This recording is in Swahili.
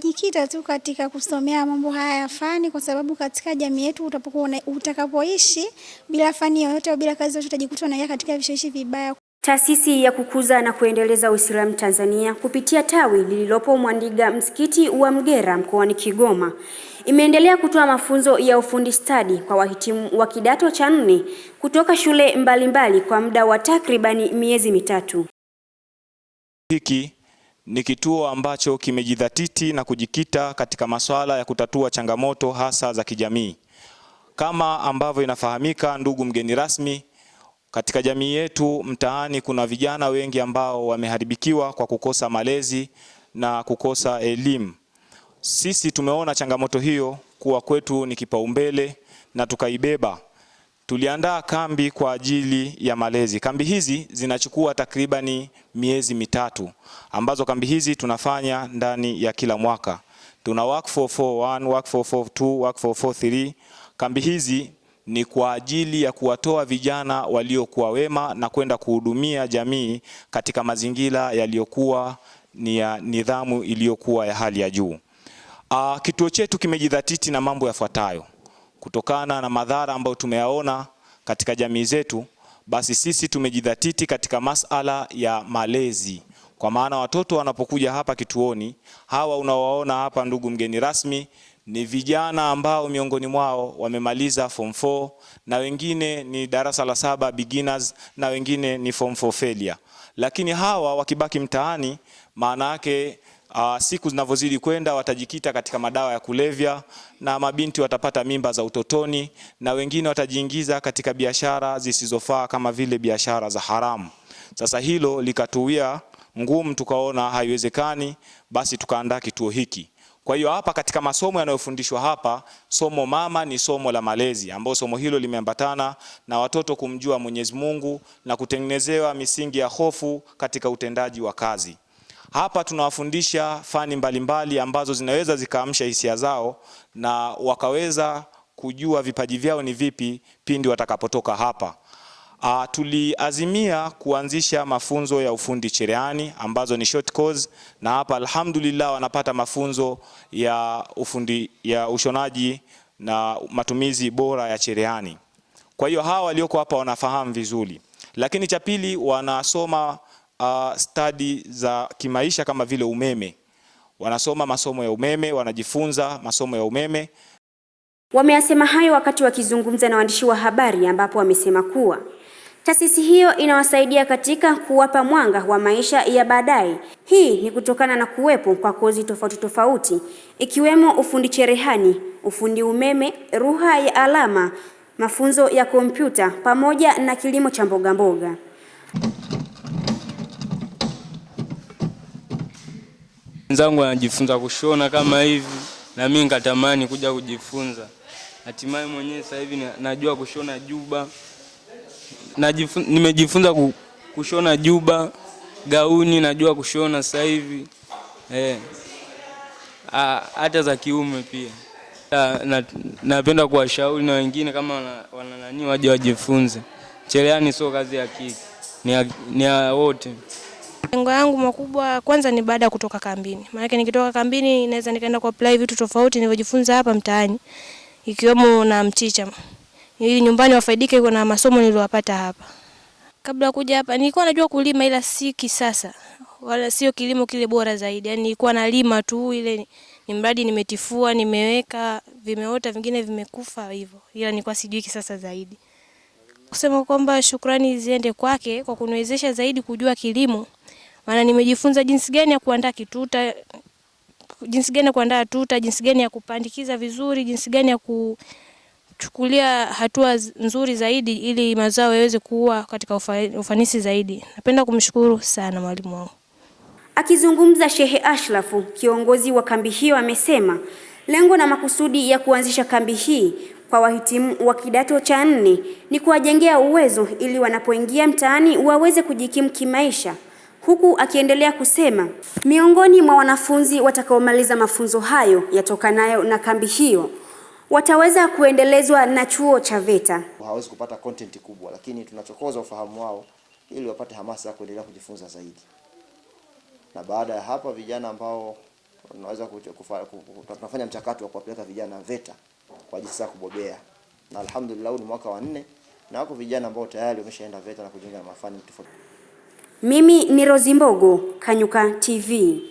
Jikita tu katika kusomea mambo haya ya fani, kwa sababu katika jamii yetu utapokuwa utakapoishi bila fani yoyote au bila kazi yoyote utajikuta unaingia katika vishawishi vibaya. Taasisi ya kukuza na kuendeleza Uislamu Tanzania kupitia tawi lililopo Mwandiga msikiti wa Mgera mkoani Kigoma imeendelea kutoa mafunzo ya ufundi stadi kwa wahitimu wa kidato cha nne kutoka shule mbalimbali mbali kwa muda wa takribani miezi mitatu. Hiki ni kituo ambacho kimejidhatiti na kujikita katika masuala ya kutatua changamoto hasa za kijamii. Kama ambavyo inafahamika, ndugu mgeni rasmi, katika jamii yetu mtaani kuna vijana wengi ambao wameharibikiwa kwa kukosa malezi na kukosa elimu. Sisi tumeona changamoto hiyo kuwa kwetu ni kipaumbele na tukaibeba tuliandaa kambi kwa ajili ya malezi. Kambi hizi zinachukua takribani miezi mitatu, ambazo kambi hizi tunafanya ndani ya kila mwaka. Tuna work 441, work 442, work 443. Kambi hizi ni kwa ajili ya kuwatoa vijana waliokuwa wema na kwenda kuhudumia jamii katika mazingira yaliyokuwa ni ya nidhamu iliyokuwa ya hali ya juu. Aa, ah, kituo chetu kimejidhatiti na mambo yafuatayo kutokana na madhara ambayo tumeyaona katika jamii zetu, basi sisi tumejidhatiti katika masala ya malezi, kwa maana watoto wanapokuja hapa kituoni, hawa unaowaona hapa, ndugu mgeni rasmi, ni vijana ambao miongoni mwao wamemaliza form 4 na wengine ni darasa la saba beginners, na wengine ni form 4 failure. Lakini hawa wakibaki mtaani, maana yake Uh, siku zinavyozidi kwenda watajikita katika madawa ya kulevya na mabinti watapata mimba za utotoni na wengine watajiingiza katika biashara zisizofaa kama vile biashara za haramu. Sasa hilo likatuia ngumu, tukaona haiwezekani, basi tukaandaa kituo hiki. Kwa hiyo hapa katika masomo yanayofundishwa hapa, somo mama ni somo la malezi, ambao somo hilo limeambatana na watoto kumjua Mwenyezi Mungu na kutengenezewa misingi ya hofu katika utendaji wa kazi. Hapa tunawafundisha fani mbalimbali mbali ambazo zinaweza zikaamsha hisia zao na wakaweza kujua vipaji vyao ni vipi pindi watakapotoka hapa. Uh, tuliazimia kuanzisha mafunzo ya ufundi cherehani ambazo ni short course, na hapa alhamdulillah wanapata mafunzo ya ufundi ya ushonaji na matumizi bora ya cherehani. Kwa hiyo hawa walioko hapa wanafahamu vizuri, lakini cha pili wanasoma uh, stadi za kimaisha kama vile umeme. Wanasoma masomo ya umeme, wanajifunza masomo ya umeme. Wameyasema hayo wakati wakizungumza na waandishi wa habari ambapo wamesema kuwa taasisi hiyo inawasaidia katika kuwapa mwanga wa maisha ya baadaye. Hii ni kutokana na kuwepo kwa kozi tofauti tofauti ikiwemo ufundi cherehani, ufundi umeme, lugha ya alama, mafunzo ya kompyuta pamoja na kilimo cha mbogamboga. wenzangu anajifunza kushona kama hivi, na mimi nikatamani kuja kujifunza. Hatimaye mwenyewe sasa hivi najua kushona juba, nimejifunza kushona juba, gauni najua kushona sasa hivi eh, hata za kiume pia. Napenda na kuwashauri na wengine kama wana nani waje wajifunze. Cherehani sio kazi ya kike, ni ya wote. Lengo yangu makubwa kwanza ni baada ya kutoka kambini, maanake nikitoka kambini naweza nikaenda apply vitu tofauti nilivyojifunza hapa mtaani, ikiwemo na mchicha, ili nyumbani wafaidike na masomo niliyopata hapa. Kabla kuja hapa nilikuwa najua kulima, ila si kisasa wala sio kilimo kile bora zaidi. Yani nilikuwa nalima tu, ile ni mradi nimetifua, nimeweka, vimeota, vingine vimekufa hivyo, ila nilikuwa sijui kisasa zaidi kusema kwamba shukrani ziende kwake kwa kuniwezesha zaidi kujua kilimo, maana nimejifunza jinsi gani ya kuandaa kituta, jinsi gani ya kuandaa tuta, jinsi gani ya kupandikiza vizuri, jinsi gani ya kuchukulia hatua nzuri zaidi ili mazao yaweze kuwa katika ufanisi zaidi. Napenda kumshukuru sana mwalimu wangu. Akizungumza Shehe Ashrafu, kiongozi wa kambi hiyo, amesema lengo na makusudi ya kuanzisha kambi hii kwa wahitimu wa kidato cha nne ni kuwajengea uwezo ili wanapoingia mtaani waweze kujikimu kimaisha, huku akiendelea kusema miongoni mwa wanafunzi watakaomaliza mafunzo hayo yatokanayo na kambi hiyo wataweza kuendelezwa na chuo cha VETA. Hawezi kupata content kubwa, lakini tunachokoza ufahamu wao ili wapate hamasa ya kuendelea kujifunza zaidi. Na baada ya hapa vijana ambao tunaweza tunafanya mchakato wa kuwapeleka vijana VETA kwa ajili sasa kubobea, na alhamdulillah ni mwaka wa nne na wako vijana ambao tayari wameshaenda VETA na kujiunga na mafani tofauti. Mimi ni Rozi Mbogo, Kanyuka TV.